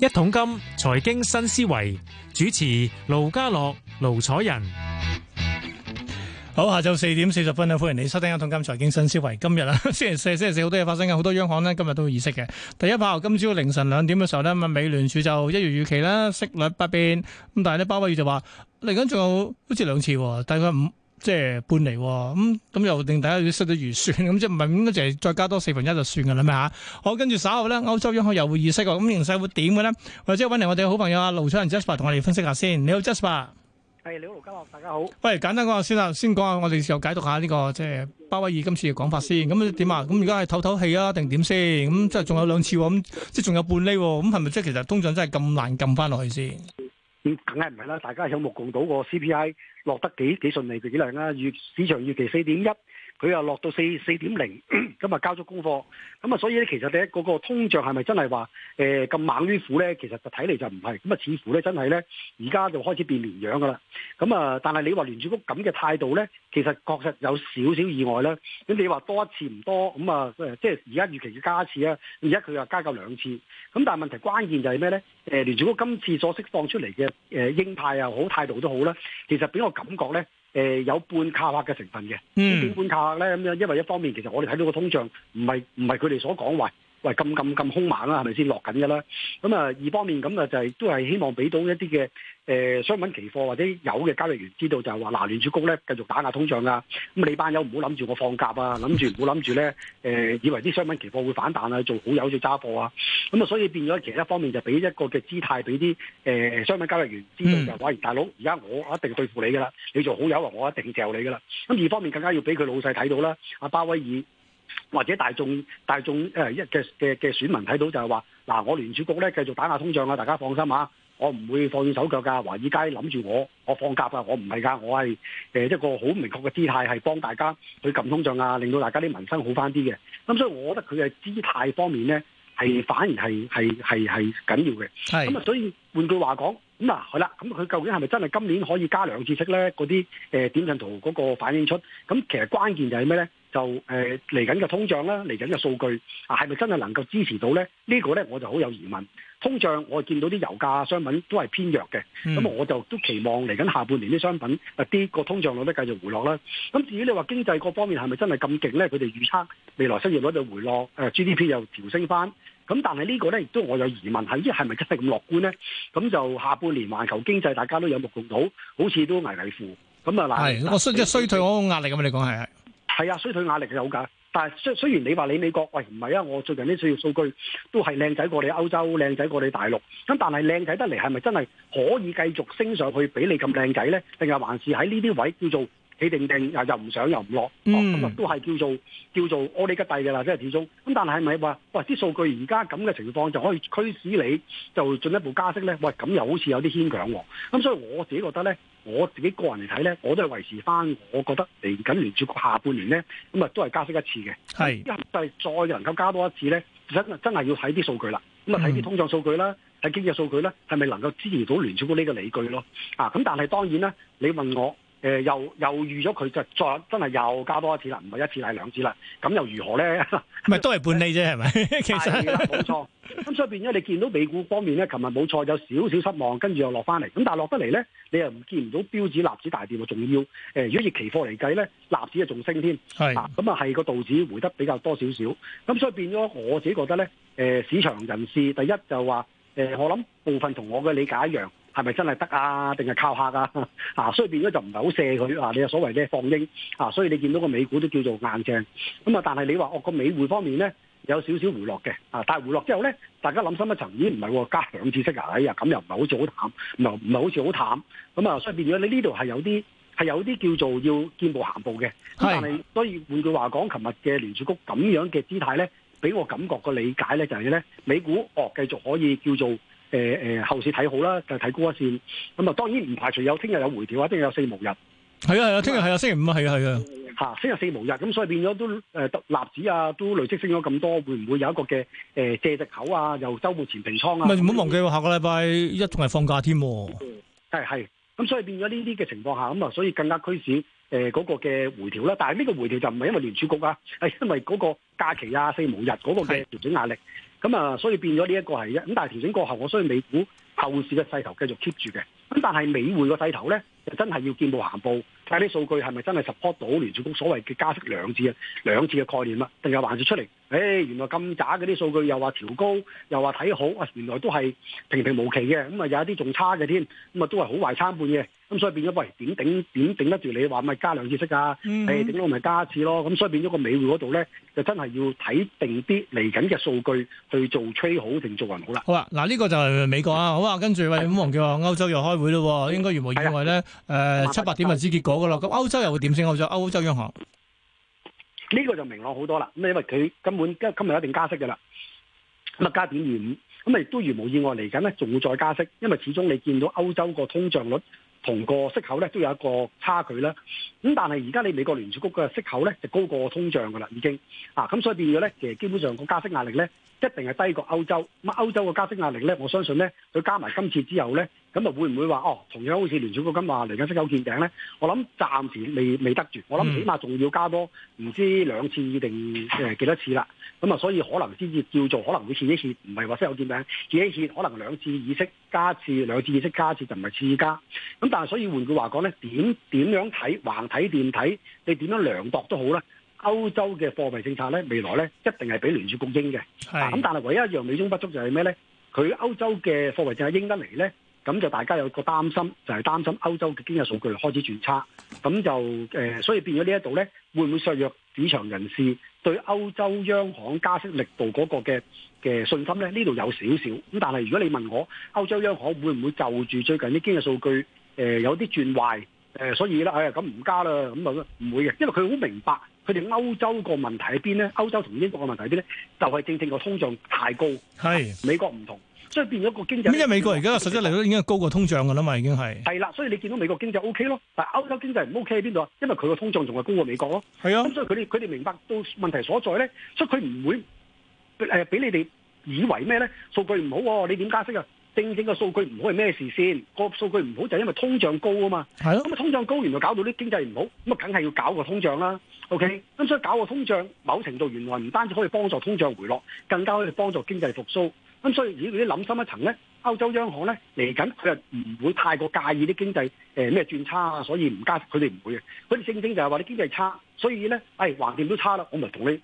一桶金財經新思維主持盧家樂、盧楚仁，好，下晝四點四十分咧，歡迎你收聽一桶金財經新思維。今日啊，星期四，星期四好多嘢發生嘅，好多央行咧，今日都會議息嘅。第一炮，今朝凌晨兩點嘅時候呢，咁啊，美聯儲就一如預期啦，息率不變。咁但係呢，鮑威爾就話嚟緊仲有好似兩次，大概五。即係半厘咁咁又令大家要失咗預算，咁、嗯、即係唔係應該就係再加多四分一就算嘅啦咩吓？好，跟住稍後咧，歐洲央行又會議息喎，咁形勢會點嘅咧？或者揾嚟我哋好朋友阿盧楚仁 Jasper 同我哋分析下先。你好 Jasper，係你好盧家樂，大家好。喂，簡單講下先啦，先講下我哋時候解讀下呢、這個即係鮑威爾今次嘅講法先。咁點啊？咁而家係唞唞氣啊，定點先？咁、嗯、即係仲有兩次，咁、嗯、即係仲有半釐，咁係咪即係其實通脹真係咁難撳翻落去先？嗯，梗係唔係啦？大家有目共睹個 CPI 落得幾幾順利幾幾靚啦，預市場預期四點一。佢又落到四四點零，咁 啊交咗功課，咁啊所以咧、那個呃，其實咧嗰個通脹係咪真係話誒咁猛於虎咧？其實睇嚟就唔係，咁啊似乎咧真係咧而家就開始變綿羊噶啦，咁啊但係你話聯儲局咁嘅態度咧，其實確實有少少意外啦。咁你話多一次唔多，咁啊即係而家預期要加一次啊，而家佢又加夠兩次，咁但係問題關鍵就係咩咧？誒聯儲局今次所釋放出嚟嘅誒鷹派又好態度都好啦，其實俾我感覺咧。誒、呃、有半卡客嘅成分嘅，點半、嗯、卡客咧咁樣因為一方面其實我哋睇到個通脹唔係唔係佢哋所講話。喂，咁咁咁兇猛啦、啊，係咪先落緊嘅啦？咁啊，二方面咁啊，就係、是、都係希望俾到一啲嘅誒商品期貨或者有嘅交易員知道就話嗱，聯儲局咧繼續打壓通脹㗎、啊。咁你班友唔好諗住我放閘啊，諗住唔好諗住咧誒，以為啲商品期貨會反彈啊，做好友就揸貨啊。咁啊，所以變咗其他方面就俾一個嘅姿態俾啲誒商品交易員知道就話，大佬、嗯，而家我一定對付你㗎啦，你做好友啊，我一定掉你㗎啦。咁二方面更加要俾佢老細睇到啦，阿、啊、巴威爾。或者大眾大眾誒嘅嘅嘅選民睇到就係話，嗱我聯儲局咧繼續打壓通脹啊！大家放心啊，我唔會放軟手腳噶。華爾街諗住我，我放夾啊，我唔係噶，我係誒一個好明確嘅姿態，係幫大家去撳通脹啊，令到大家啲民生好翻啲嘅。咁所以，我覺得佢嘅姿態方面咧，係反而係係係係緊要嘅。咁啊是，所以換句話講，咁、嗯、啊係啦，咁佢究竟係咪真係今年可以加兩次息咧？嗰啲誒點陣圖嗰個反映出，咁其實關鍵就係咩咧？就誒嚟緊嘅通脹啦，嚟緊嘅數據啊，係咪真係能夠支持到咧？這個、呢個咧我就好有疑問。通脹我見到啲油價商品都係偏弱嘅，咁、嗯、我就都期望嚟緊下，下半年啲商品啊啲個通脹率咧繼續回落啦。咁至於你話經濟各方面係咪真係咁勁咧？佢哋預測未來失業率就回落、呃、GDP 又調升翻。咁但係呢個咧亦都我有疑問係一係咪真係咁樂觀咧？咁就下半年環球經濟大家都有目共睹，好似都危危乎，乎。咁啊嗱，是是我衰即係衰退嗰個壓力咁你講係啊，衰退壓力有噶，但係雖雖然你話你美國，喂唔係，唔係啊，我最近呢啲數據都係靚仔過你歐洲，靚仔過你大陸。咁但係靚仔得嚟，係咪真係可以繼續升上去，畀你咁靚仔咧？定係還是喺呢啲位叫做企定定，又又唔上又唔落，咁啊、mm. 哦、都係叫做叫做我哋吉家嘅啦，即係始終。咁但係係咪話，喂啲數據而家咁嘅情況就可以驅使你就進一步加息咧？喂，咁又好似有啲牽強喎、啊。咁、嗯、所以我自己覺得咧。我自己個人嚟睇咧，我都係維持翻，我覺得嚟緊聯儲局下半年咧，咁啊都係加息一次嘅。係，一係再能夠加多一次咧，真真係要睇啲數據啦。咁啊睇啲通脹數據啦，睇、嗯、經濟數據咧，係咪能夠支持到聯儲局呢個理據咯？啊，咁但係當然呢，你問我。誒、呃，又又預咗佢就再真係又加多一次啦，唔係一次係兩次啦，咁又如何咧？咪 都係半厘啫，係咪？ 其實冇錯。咁所以變咗你見到美股方面咧，琴日冇錯有少少失望，跟住又落翻嚟。咁但係落得嚟咧，你又唔見唔到標指、納指大跌喎，仲要誒，如、呃、果以期貨嚟計咧，納指的啊仲升添。係。咁啊係個道指回得比較多少少。咁所以變咗我自己覺得咧、呃，市場人士第一就話、呃，我諗部分同我嘅理解一樣。係咪真係得啊？定係靠嚇啊？啊，所以變咗就唔係好射佢啊！你有所謂嘅放鷹啊，所以你見到個美股都叫做硬淨咁啊！但係你話哦個美匯方面咧，有少少回落嘅啊，但係回落之後咧，大家諗深一層已經唔係加兩次息啊，哎呀咁又唔係好似好淡，唔係唔係好似好淡咁啊！所以變咗你呢度係有啲係有啲叫做要見步行步嘅，的但係所以換句話講，琴日嘅聯儲局咁樣嘅姿態咧，俾我感覺個理解咧就係、是、咧美股哦、啊、繼續可以叫做。誒誒、呃，後市睇好啦，就睇高一線。咁啊，當然唔排除有聽日有回調啊，聽日有四無日。係啊係啊，聽日係啊星期五啊，係啊係啊。吓，星期四無日，咁所以變咗都誒，納、呃、指啊都累積升咗咁多，會唔會有一個嘅誒、呃、借藉口啊？又周末前平倉啊？唔好忘記下個禮拜一仲係放假添、啊。係係，咁所以變咗呢啲嘅情況下，咁啊，所以更加驅使。誒嗰、呃那個嘅回調啦，但係呢個回調就唔係因為聯儲局啊，係因為嗰個假期啊四無日嗰個嘅調整壓力，咁啊的、嗯、所以變咗呢一個係一，咁但係調整過後，我所以美股後市嘅勢頭繼續 keep 住嘅，咁但係美匯個勢頭咧就真係要見步行步睇啲數據係咪真係 support 到聯儲局所謂嘅加息兩次啊兩次嘅概念啦、啊，定係還是出嚟？誒、哎、原來咁渣嗰啲數據又話調高，又話睇好，原來都係平平無奇嘅，咁啊有一啲仲差嘅添，咁啊都係好壞參半嘅。咁所以變咗，喂點頂點頂得住你說？你話咪加兩次息啊？係頂到咪加一次咯。咁所以變咗個美匯嗰度咧，就真係要睇定啲嚟緊嘅數據去做趨好定做人好啦。好啦、啊，嗱、這、呢個就係美國啊。好啊，跟住喂，五仲叫話歐洲又開會咯？應該如無意外咧，誒七八點咪知結果㗎啦。咁歐洲又會點先？歐洲歐洲央行呢個就明朗好多啦。咁因為佢根本今日一定加息㗎啦，咁啊加點二五，咁亦都如無意外嚟緊咧，仲會再加息。因為始終你見到歐洲個通脹率。同個息口咧都有一個差距啦，咁但係而家你美國聯儲局嘅息口咧就高過通脹噶啦，已經啊，咁所以變咗咧，其實基本上個加息壓力咧一定係低過歐洲，咁歐洲嘅加息壓力咧，我相信咧佢加埋今次之後咧。咁啊會唔會話哦同樣好似聯儲局今話嚟緊息口見頂咧？我諗暫時未未得住，我諗起碼仲要加多唔知兩次定誒、呃、幾多次啦。咁啊，所以可能先至叫做可能會試一試，唔係話息口見頂，見一見可能兩次議息加一次兩次議息加,一次,次,以加一次就唔係次加。咁但係所以換句話講咧，點點樣睇橫睇掂睇你點樣量度都好咧，歐洲嘅貨幣政策咧未來咧一定係比聯儲局鷹嘅。咁的，但係唯一一樣美中不足就係咩咧？佢歐洲嘅貨幣政策鷹得嚟咧。咁就大家有個擔心，就係擔心歐洲嘅經濟數據開始轉差，咁就誒，所以變咗呢一度呢，會唔會削弱市場人士對歐洲央行加息力度嗰個嘅嘅信心呢？呢度有少少，咁但係如果你問我，歐洲央行會唔會就住最近啲經濟數據誒有啲轉壞誒，所以啦，唉，咁唔加啦，咁啊唔會嘅，因為佢好明白佢哋歐洲個問題喺邊呢？歐洲同英國嘅問題喺邊呢？就係正正個通脹太高，係美國唔同。所以變咗個經濟，經濟，因為美國而家個實際利率已經高過通脹噶啦嘛，已經係。係啦，所以你見到美國經濟 O、OK、K 咯，但係歐洲經濟唔 O K 喺邊度？因為佢個通脹仲係高過美國咯。係啊的，咁、嗯、所以佢哋佢哋明白到問題所在咧，所以佢唔會誒俾、呃、你哋以為咩咧？數據唔好、啊，你點解釋啊？真正嘅正數據唔好係咩事先？個數據唔好就係因為通脹高啊嘛。係咯的。咁啊、嗯、通脹高原來搞到啲經濟唔好，咁啊梗係要搞個通脹啦、啊。O K，咁所以搞個通脹，某程度原來唔單止可以幫助通脹回落，更加可以幫助經濟復甦。咁所以如果佢啲諗深一層咧，歐洲央行咧嚟緊佢又唔唔會太過介意啲經濟誒咩、呃、轉差啊，所以唔加佢哋唔會嘅。佢哋正正就係話啲經濟差，所以咧誒橫掂都差啦，我咪同你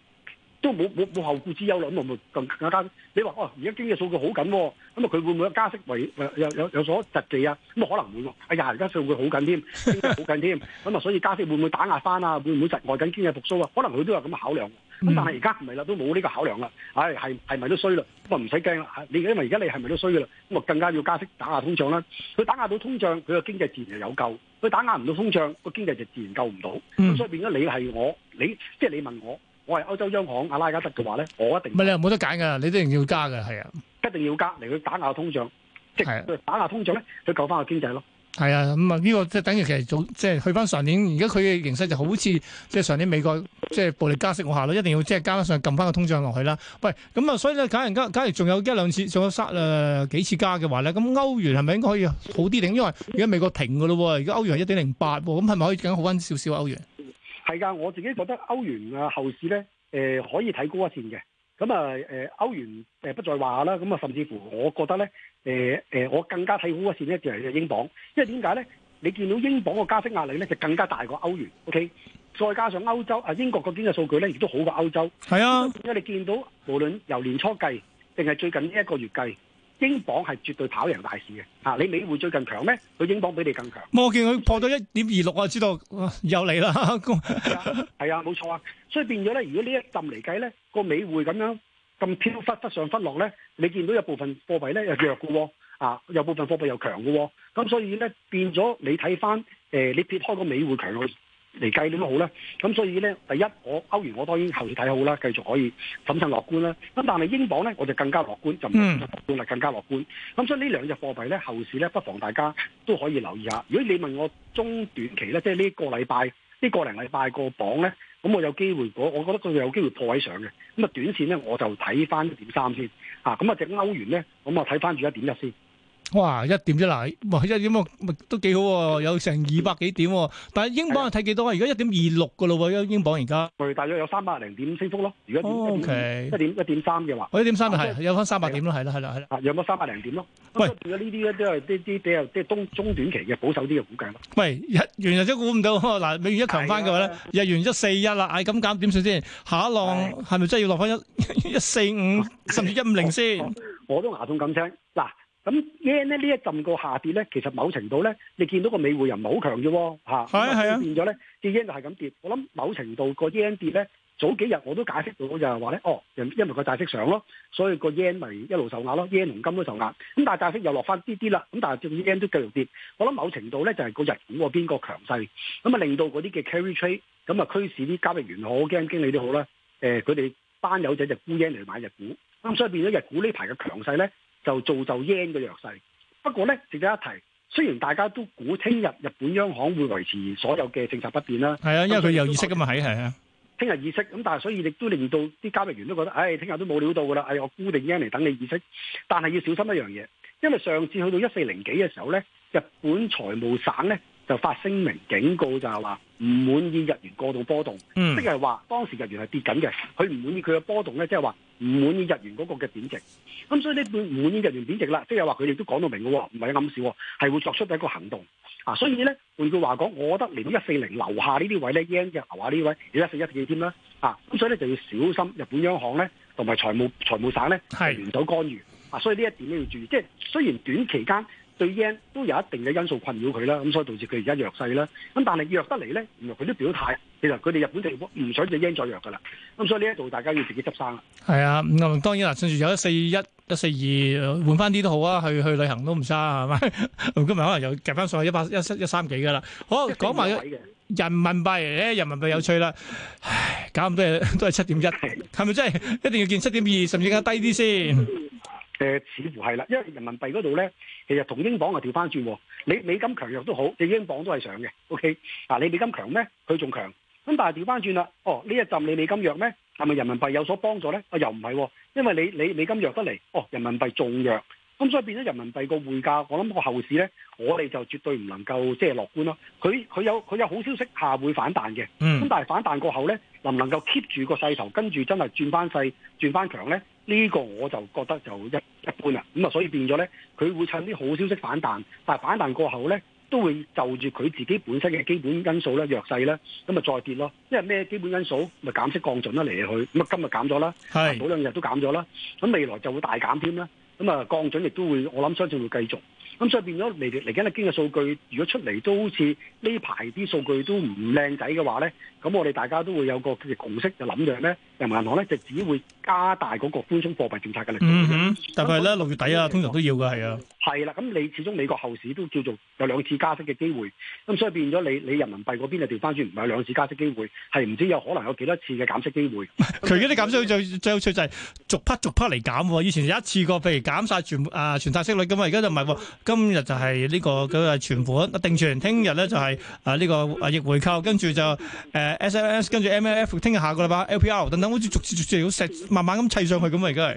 都冇冇冇後顧之憂咯。咁我咪更加加息。你話哦，而家經濟數據好緊、哦，咁啊佢會唔會加息為、呃、有有有所窒滯啊？咁啊可能唔會喎、啊。哎呀，而家數據好緊添，經濟好緊添，咁啊所以加息會唔會打壓返啊？會唔會窒礙緊經濟復甦啊？可能佢都有咁嘅考量。咁、嗯、但係而家唔係啦，都冇呢個考量啦。唉、哎，係係咪都衰啦？咁啊唔使驚啦。你因為而家你係咪都衰噶啦？咁啊更加要加息打壓通脹啦。佢打壓到通脹，佢個經濟自然就有救。佢打壓唔到通脹，個經濟就自然救唔到。咁所以變咗你係我，你即係、就是、你問我，我係歐洲央行阿拉加德嘅話咧，我一定唔係你又冇得揀噶，你一定要加㗎！係啊，一定要加嚟去打壓通脹，即、就、係、是、打壓通脹咧，去救翻個經濟咯。係啊，咁啊呢個即係等於其實做即係去翻上年，而家佢嘅形勢就好似即係上年美國即係暴力加息我下落，一定要即係加得上撳翻個通脹落去啦。喂，咁啊所以咧，假如假如假如仲有一兩次，仲有三誒幾次加嘅話咧，咁歐元係咪應該可以好啲？定因為而家美國停噶咯，而家歐元係一點零八，咁係咪可以更加好翻少少歐元？係噶，我自己覺得歐元啊後市咧，誒、呃、可以睇高一線嘅。咁啊，誒、呃、歐元、呃、不再話啦，咁啊，甚至乎我覺得咧，誒、呃、誒、呃，我更加睇好嗰線呢就係英鎊，因為點解咧？你見到英鎊個加息壓力咧就更加大過歐元，OK？再加上歐洲啊、呃、英國嗰邊嘅數據咧，亦都好過歐洲，係啊，因為你見到無論由年初計定係最近呢一個月計。英鎊係絕對跑贏大市嘅、啊，你美匯最近強咩？佢英鎊比你更強。我見佢破到一點二六，我知道又嚟來啦。係 啊，冇、啊、錯啊。所以變咗咧，如果一呢一陣嚟計咧，個美匯咁樣咁飄忽忽上忽落咧，你見到有部分貨幣咧又弱嘅喎、哦，啊，有部分貨幣又強嘅喎、哦。咁所以咧變咗你睇翻、呃，你撇開個美匯強去嚟計點都好咧，咁所以咧，第一我歐元我當然後市睇好啦，繼續可以審慎樂觀啦。咁但係英鎊咧，我就更加樂觀，就唔更加樂觀。咁所以呢兩隻貨幣咧，後市咧不妨大家都可以留意下。如果你問我中短期咧，即係呢個禮拜、呢個零禮拜個磅咧，咁我有機會，我我覺得仲有機會破位上嘅。咁啊，短線咧我就睇翻一點三先，吓咁啊隻歐元咧，咁啊睇翻住一點一先。哇！一點啫嗱，哇！一點喎，都幾好喎，有成二百幾點喎。但係英鎊啊，睇幾多啊？而家一點二六㗎咯喎，英鎊而家。佢大約有三百零點升幅咯。而家 OK 一點一點三嘅話，一點三啊，係有翻三百點咯，係啦，係啦，係啦，有翻三百零點咯。喂，如果呢啲都係啲啲啲即係中中短期嘅保守啲嘅估計咯。喂，完日元又真估唔到嗱，美元一強翻嘅話咧，對了完日元都四一啦。唉，咁咁點算先？下一浪係咪了真係要落翻一一四五甚至一五零先我？我都牙痛咁聲嗱。咁 yen 呢，呢一陣個下跌咧，其實某程度咧，你見到個美匯又唔係好強啫喎、啊，嚇的，咁變咗咧，隻 yen 的就係咁跌。我諗某程度個 yen 跌咧，早幾日我都解釋到就係話咧，哦，因為個大息上咯，所以個 yen 咪一路受壓咯，yen 同金都受壓。咁但係大息又落翻啲啲啦，咁但係隻 yen 都繼續跌。我諗某程度咧就係、是、個日股邊、啊、個強勢，咁啊令到嗰啲嘅 carry trade，咁啊驅使啲交易員又好，基金經理都好啦，誒佢哋班友仔就沽 yen 嚟買日股，咁所以變咗日股呢排嘅強勢咧，就造就 yen 嘅弱勢。不過呢，值得一提，雖然大家都估聽日日本央行會維持所有嘅政策不變啦。係啊，因為佢有議息㗎嘛。係係啊。聽日議息咁，但係所以亦都令到啲交易員都覺得，唉、哎，聽日都冇料到㗎啦。唉、哎，我沽定 yen 嚟等你議息。但係要小心一樣嘢，因為上次去到一四零幾嘅時候呢，日本財務省呢。就發聲明警告，就係話唔滿意日元過度波動，即係話當時日元係跌緊嘅，佢唔滿意佢嘅波動咧，即係話唔滿意日元嗰個嘅貶值。咁所以呢段唔滿意日元貶值啦，即係話佢哋都講到明嘅，唔係暗示喎，係會作出一個行動啊。所以咧，換句話講，我覺得嚟到一四零留下呢啲位咧 yen 嘅牛話呢位要一四一幾添啦啊。咁、啊、所以咧就要小心日本央行咧同埋財務財務省咧聯手干預是啊。所以呢一點都要注意。即、就、係、是、雖然短期間。對 yen 都有一定嘅因素困擾佢啦，咁所以導致佢而家弱勢啦。咁但係弱得嚟咧，原來佢都表態，其實佢哋日本地唔想隻 yen 再弱噶啦。咁所以呢一度大家要自己執生啦。係啊，咁當然啦，趁住有一四一、一四二換翻啲都好啊，去去旅行都唔差係咪？咁咪可能又夾翻上去一百一一三幾㗎啦。好，一講埋人民幣咧，人民幣有趣啦。唉，搞咁多嘢都係七點一，係咪真係一定要見七點二，甚至更加低啲先？ 誒，似乎係啦，因為人民幣嗰度咧，其實同英鎊啊調翻轉，你美金強弱都好，你英鎊都係上嘅，O K，嗱，你美金強咩？佢仲強，咁但係調翻轉啦，哦，呢一陣你美金弱咩？係咪人民幣有所幫助咧？啊，又唔係，因為你你美金弱得嚟，哦，人民幣仲弱，咁所以變咗人民幣個匯價，我諗個後市咧，我哋就絕對唔能夠即係樂觀咯。佢佢有佢有好消息下會反彈嘅，咁但係反彈過後咧，能唔能夠 keep 住個勢頭，跟住真係轉翻勢，轉翻強咧？呢個我就覺得就一一般啦，咁啊所以變咗咧，佢會趁啲好消息反彈，但係反彈過後咧，都會就住佢自己本身嘅基本因素咧弱勢咧，咁啊再跌咯。因為咩基本因素？咪減息降準啦嚟去，咁啊今日減咗啦，係咪？早兩日都減咗啦，咁未來就會大減添啦。咁啊降準亦都會，我諗相信會繼續。咁所以變咗嚟嚟緊咧，經濟數據如果出嚟都好似呢排啲數據都唔靚仔嘅話咧，咁我哋大家都會有個共識，就諗住咧，人民銀行咧就只會加大嗰個寬鬆貨幣政策嘅力度。嗯哼，但係咧，六月底啊，通常都要㗎係啊。係啦，咁你始終美國後市都叫做有兩次加息嘅機會，咁所以變咗你你人民幣嗰邊啊調翻轉唔係兩次加息機會，係唔知有可能有幾多次嘅減息機會。佢而家啲減息最最有趣就係逐批逐批嚟減，以前一次個譬如減晒全啊全貸息率咁，嘛，而家就唔係，今日就係呢、這個叫存款定存，聽日咧就係、是、啊呢、這個啊逆回購，跟住就誒、呃、s m s 跟住 MLF，聽日下個禮拜 LPR 等等，好似逐次逐次慢慢咁砌上去咁啊，而家係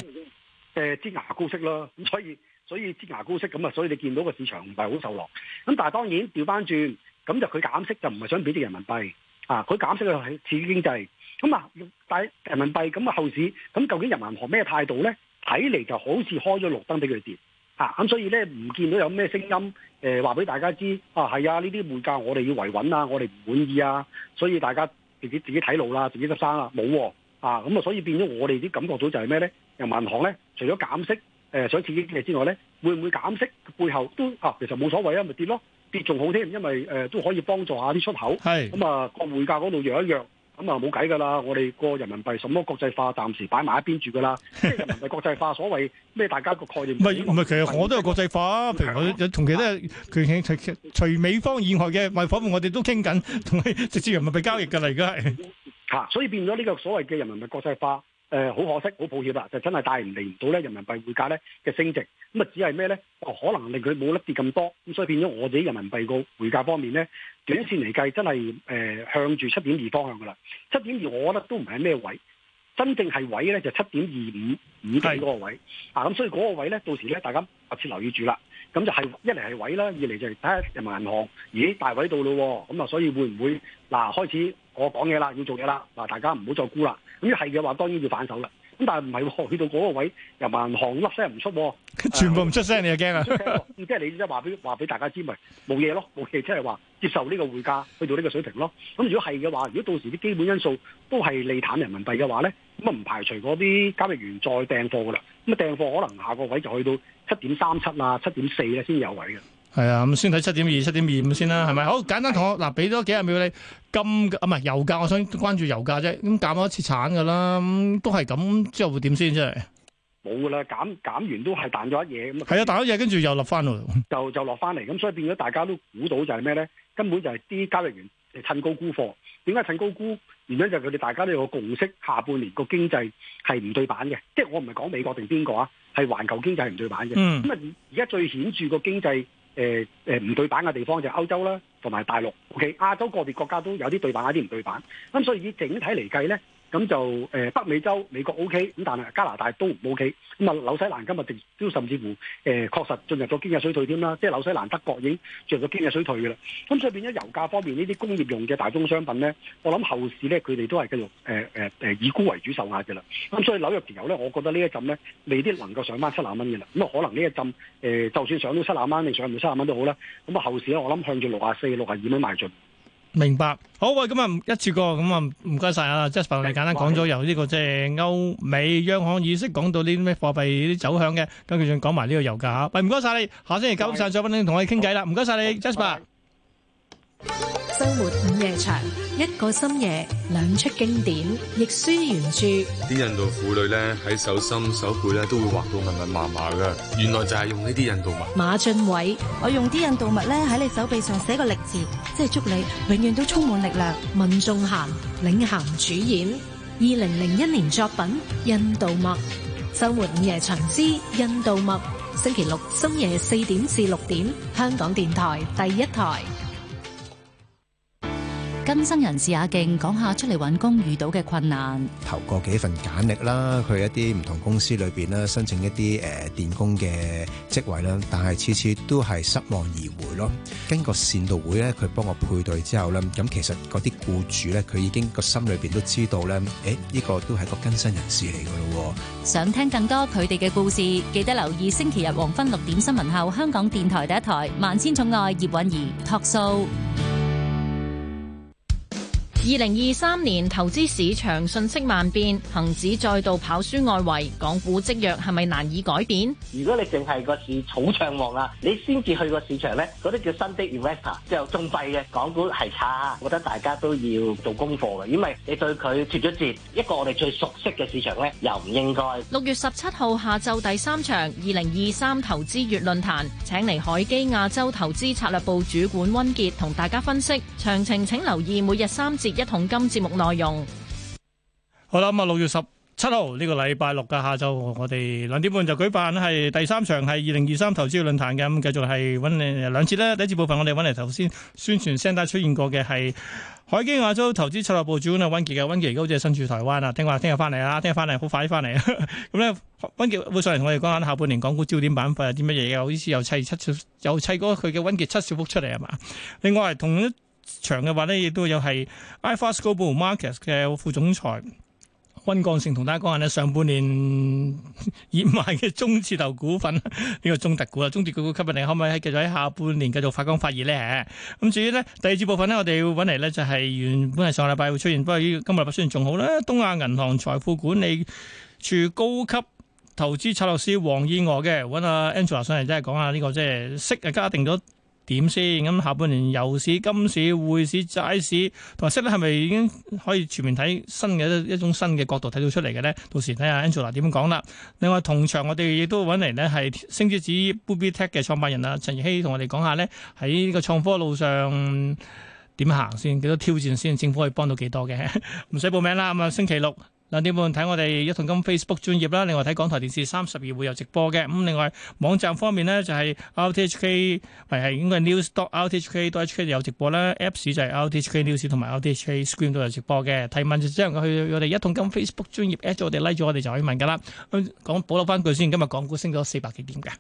誒啲牙膏式咯，咁所以。所以擠牙膏式咁啊，所以你見到個市場唔係好受落。咁但係當然調翻轉，咁就佢減息就唔係想貶值人民幣啊，佢減息係刺激經濟。咁啊，但係人民幣咁嘅後市，咁究竟人民行咩態度咧？睇嚟就好似開咗綠燈俾佢哋跌啊。咁所以咧唔見到有咩聲音誒話俾大家知啊，係啊，呢啲匯價我哋要維穩啊，我哋唔滿意啊，所以大家自己自己睇路啦，自己執生啦，冇啊。咁啊，所以變咗我哋啲感覺到就係咩咧？人民行咧，除咗減息，誒、呃、想刺激經濟之外咧，會唔會減息？背後都啊其實冇所謂啊，咪跌咯，跌仲好添，因為誒、呃、都可以幫助下啲出口。係咁是、嗯、啊，個匯價嗰度弱一弱，咁啊冇計㗎啦。我哋個人民幣什麼國際化，暫時擺埋一邊住㗎啦。即係 人民幣國際化，所謂咩？大家個概念唔係唔係，其實我都有國際化的譬如我同其他除除的他美方以外嘅，咪包括我哋都傾緊同直接人民幣交易㗎啦。而家係所以變咗呢個所謂嘅人民幣國際化。誒好、呃、可惜，好抱歉啦，就真係帶唔嚟唔到咧人民幣匯價咧嘅升值，咁啊只係咩咧？可能令佢冇得跌咁多，咁所以變咗我哋人民幣個匯價方面咧，短線嚟計真係、呃、向住七點二方向噶啦，七點二我覺得都唔係咩位。真正係位咧就七點二五五喺嗰個位，啊咁所以嗰個位咧到時咧大家特切留意住啦。咁就係一嚟係位啦，二嚟就睇下人民銀行咦大位到咯、哦，咁啊所以會唔會嗱、啊、開始我講嘢啦，要做嘢啦嗱，大家唔好再估啦。咁一係嘅話當然要反手啦，咁但係唔係去到嗰個位人民銀行粒聲唔出、哦，呃、全部唔出聲你就驚 啊？即係你即係話俾話俾大家知咪冇嘢咯，冇嘢即係話接受呢個匯價去到呢個水平咯。咁如果係嘅話，如果到時啲基本因素都係利淡人民幣嘅話咧。咁啊唔排除嗰啲交易員再訂貨噶啦，咁啊訂貨可能下個位就去到七點三七啊、七點四咧先有位嘅。係啊，咁先睇七點二、七點二五先啦，係咪好？簡單同我嗱，俾多幾廿秒你金啊，唔係油價，我想關注油價啫。咁、嗯、減咗一次產噶啦、嗯，都係咁之後會點先？真係冇噶啦，減減完都係彈咗一嘢。係啊，彈咗一嘢，跟住又落翻咯。就就落翻嚟，咁所以變咗大家都估到就係咩咧？根本就係啲交易員嚟趁高沽貨，點解趁高沽？原因就係佢哋大家都有個共識，下半年個經濟係唔對版嘅，即係我唔係講美國定邊個啊，係環球經濟係唔對版嘅。咁啊，而家最顯著個經濟誒誒唔對版嘅地方就係歐洲啦，同埋大陸。OK. 亞洲個別國家都有啲對版，有啲唔對版。咁所以以整體嚟計咧。咁就誒、呃、北美洲美國 O K，咁但係加拿大都唔 O K，咁啊紐西蘭今日都甚至乎誒、呃、確實進入咗經濟衰退添啦，即係紐西蘭德國已經進入咗經濟衰退嘅啦。咁所以變咗油價方面呢啲工業用嘅大宗商品咧，我諗後市咧佢哋都係繼續誒誒、呃呃呃、以沽為主受壓嘅啦。咁所以紐約期油咧，我覺得呢一陣咧未必能夠上翻七十蚊嘅啦。咁啊可能呢一陣誒、呃、就算上到七十蚊定上唔到七十蚊都好啦。咁啊後市咧我諗向住六十四、六十二蚊邁進。明白，好喂，咁啊一次過，咁啊唔該晒啊，Jasper，我哋簡單講咗由呢個即係歐美央行意識，講到呢啲咩貨幣呢啲走向嘅，跟住仲講埋呢個油價吓，唔該晒你，下星期九晒作品，再嚟同我哋傾偈啦，唔該晒你，Jasper。生活午夜場一個深夜，兩出經典，亦舒原著。啲印度婦女咧喺手心，手背咧都會畫到密密麻麻嘅，原來就係用呢啲印度墨。馬俊偉，我用啲印度墨咧喺你手臂上寫個力字，即係祝你永遠都充滿力量。文頌嫻，領銜主演，二零零一年作品《印度墨》。周末午夜長詩《印度墨》，星期六深夜四點至六點，香港電台第一台。更新人士阿勁講下出嚟揾工遇到嘅困難，投過幾份簡歷啦，去一啲唔同公司裏邊啦，申請一啲誒電工嘅職位啦，但係次次都係失望而回咯。經過善導會咧，佢幫我配對之後咧，咁其實嗰啲雇主咧，佢已經個心裏邊都知道咧，誒呢個都係個更新人士嚟噶咯。想聽更多佢哋嘅故事，記得留意星期日黃昏六點新聞後，香港電台第一台萬千寵愛葉韻儀托數。二零二三年投資市場信息萬變，恒指再度跑輸外圍，港股積弱係咪難以改變？如果你淨係個市草唱旺啊，你先至去個市場呢，嗰啲叫新的 investor，就中弊嘅。港股係差，我覺得大家都要做功課嘅，因為你對佢脱咗節，一個我哋最熟悉嘅市場呢，又唔應該。六月十七號下晝第三場二零二三投資月論壇，請嚟海基亞洲投資策略部主管温杰同大家分析詳情，請留意每日三節。一同今節目內容，好啦咁啊，嗯月這個、六月十七號呢個禮拜六嘅下晝，我哋兩點半就舉辦係第三場係二零二三投資論壇嘅咁，繼續係揾兩節啦。第一節部分我哋揾嚟頭先宣傳聲帶出現過嘅係海基亞洲投資策略部主管啊溫傑嘅溫傑，而家好似身處台灣啊，聽話聽日翻嚟啊，聽日翻嚟好快啲翻嚟。咁咧溫傑會上嚟同我哋講下下半年港股焦點板塊係啲乜嘢嘢，好似又砌七又砌嗰佢嘅溫傑七小福出嚟係嘛？另外係同一場嘅話咧，亦都有係 iFAST Global Markets 嘅副總裁溫鋼城同大家講下咧，上半年熱賣嘅中字頭股份，呢個中特股啊，中特股嘅吸引力可唔可以喺繼續喺下半年繼續發光發熱咧？咁至於咧第二節部分咧，我哋要揾嚟咧就係原本係上個禮拜會出現，不過依今日嘅表現仲好啦。東亞銀行財富管理處高級投資策略師黃燕娥嘅，揾阿 Angela 上嚟，即係講下呢個即係息啊加定咗。點先？咁下半年油市、金市、匯市、債市同埋息率係咪已經可以全面睇新嘅一種新嘅角度睇到出嚟嘅咧？到時睇下 Angela 點講啦。另外同場我哋亦都揾嚟咧係星之子 Bubitech 嘅創辦人啊陳怡希同我哋講下咧，喺呢個創科路上點行先，幾、嗯、多挑戰先，政府可以幫到幾多嘅？唔使報名啦，咁啊星期六。兩點半睇我哋一桶金 Facebook 專頁啦，另外睇港台電視三十二會有直播嘅，咁另外網站方面咧就係 RTHK，係係應該 news.rthk.hk 都有直播啦，Apps 就係 RTHK News 同埋 RTHK Screen 都有直播嘅。提問就只能夠去我哋一桶金 Facebook 專頁 at 我哋拉咗我哋就可以問㗎喇。講補留翻句先，今日港股升咗四百幾點嘅。